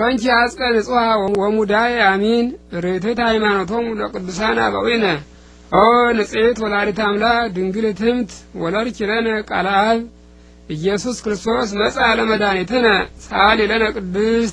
ኮንቺ አጽቀ ንጽሐ ወሙዳይ አሚን ርትዕት ሃይማኖቶም ለቅዱሳን አበዊነ ኦ ንጽሕት ወላዲተ አምላክ ድንግል ትምት ወለድኪ ለነ ቃለ አብ ኢየሱስ ክርስቶስ መጽአ ለመድኃኒትነ ሳሊ ለነ ቅድስት